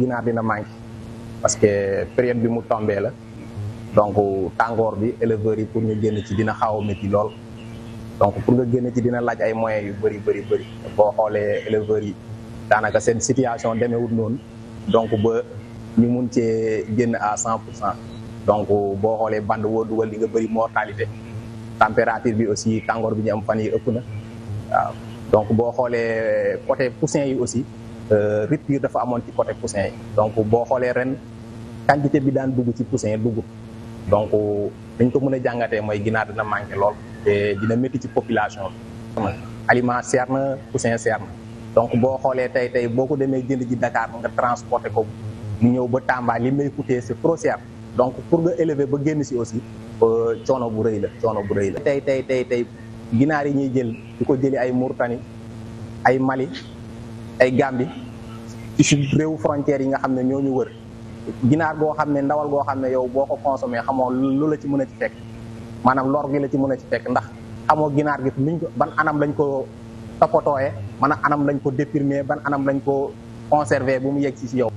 ginaar dina manqué parce que période bi mu tombee la donc tàngoor bi éleveurs yi pour ñu génn ci dina xaw a métti lool donc pour nga génn ci dina laaj ay moyens yu bëri bëri bëri boo xoolee éleveurs yi daanaka seen situation demeewut noonu donc ba ñu mun cee génn à cent pour cent donc boo xoolee bande woo dugal li nga bëri mortalité température bi aussi tàngoor bi ñu am fan yi ëpp na waaw donc boo xoolee côté poussin yi aussi Euh, rupture dafa amoon ci côté poussin yi donc boo xoolee ren quantité bi daan dugg ci poussin dugg donc dañ ko mën a jàngatee mooy ginaar dina manqué lool dina métti ci population bi aliment seer na poussin seer donc boo xoolee tey tey boo ko demee jënd ji Dakar nga transporté ko mu ñëw ba Tamba li may coûter si trop cher donc pour nga élever ba génn si aussi euh, coono bu rëy la coono bu rëy la tey tey tey tey ginaar yi ñuy jël di ko jëli ay Mauritanie ay Mali ay Gambie ci réewu frontières yi nga xam ne ñoo ñu wër ginaar goo xam ne ndawal goo xam ne yow boo ko consommé xamoo lu la ci mën a ci fekk maanaam lor gi la ci mën a ci fekk ndax xamoo ginaar gi niñ ban anam lañ ko toppatooyee man anam lañ ko dépirmer ban anam lañ ko conserver bu mu yegg ci si yow.